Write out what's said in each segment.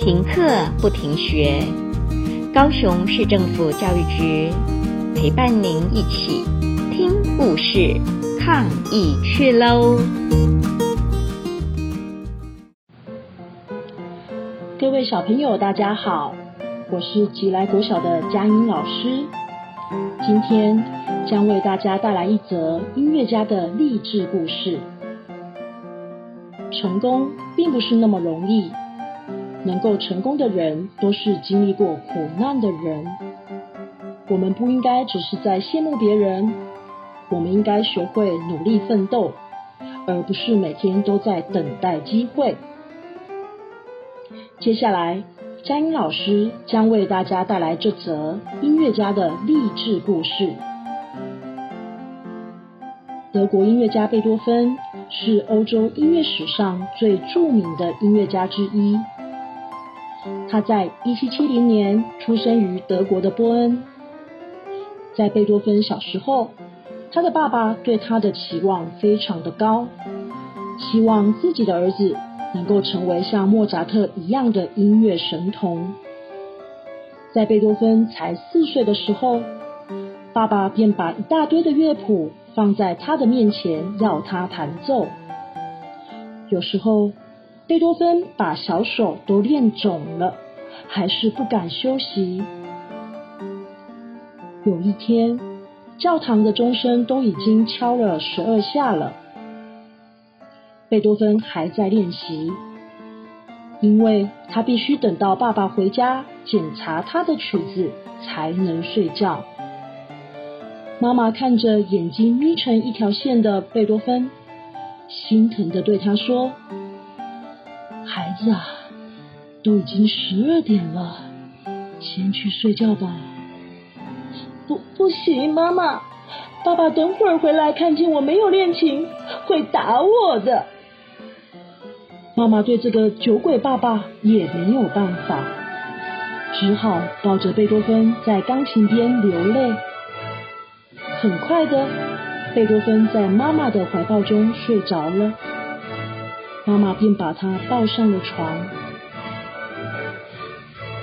停課不停學，高雄市政府教育局陪伴您一起聽故事、抗疫趣嘍！各位小朋友，大家好，我是集來國小的佳音老師，今天將為大家帶來一則音樂家的勵志故事。成功並不是那麼容易。能夠成功的人都是經歷過苦難的人。我們不應該只是在羨慕別人，我們應該學會努力奮鬥，而不是每天都在等待機會。接下來，佳音老師將為大家帶來這則音樂家的勵志故事。德國音樂家貝多芬是歐洲音樂史上最著名的音樂家之一。他在一七七零年出生於德國的波恩。在貝多芬小時候，他的爸爸對他的期望非常的高，希望自己的兒子能夠成為像莫扎特一樣的音樂神童。在貝多芬才四歲的時候，爸爸便把一大堆的樂譜放在他的面前，要他彈奏。有時候，貝多芬把小手都練腫了，還是不敢休息。有一天，教堂的鐘聲都已經敲了十二下了，貝多芬還在練習，因為他必須等到爸爸回家檢查他的曲子才能睡覺。媽媽看着眼睛眯成一條線的貝多芬，心疼的對他說。是啊，都已經十二點了，先去睡覺吧。不，不行，媽媽，爸爸等會兒回來，看見我沒有練琴，會打我的。媽媽對這個酒鬼爸爸也沒有辦法，只好抱着貝多芬在鋼琴邊流淚。很快的，貝多芬在媽媽的懷抱中睡着了。媽媽便把他抱上了床。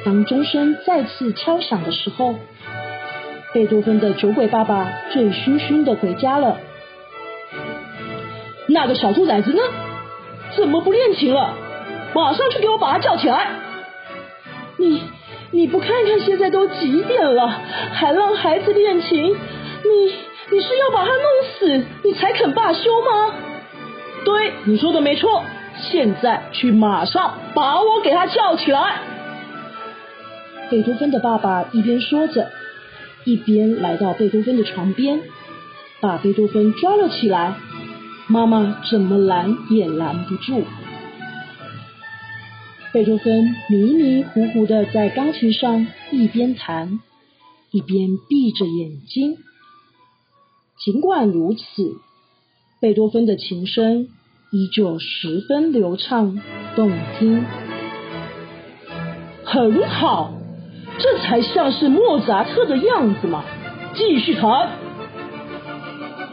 當鐘聲再次敲響的時候，貝多芬的酒鬼爸爸醉醺醺的回家了。那個小兔崽子呢？怎麼不練琴了？馬上去給我把他叫起來！你你不看看現在都幾點了，還讓孩子練琴？你你是要把他弄死，你才肯罷休嗎？對，你說的沒錯。現在去馬上把我給他叫起來！貝多芬的爸爸一邊說着，一邊來到貝多芬的床邊，把貝多芬抓了起來。媽媽怎麼攔也攔不住。貝多芬迷迷糊糊的在鋼琴上一邊彈，一邊閉着眼睛。儘管如此。貝多芬的琴聲依舊十分流暢、動聽，很好，這才像是莫扎特的樣子嘛！繼續彈，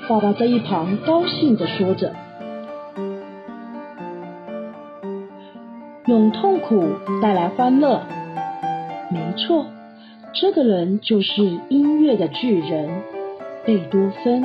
爸爸在一旁高興地說着：“用痛苦帶來歡樂，沒錯，這個人就是音樂的巨人——貝多芬。”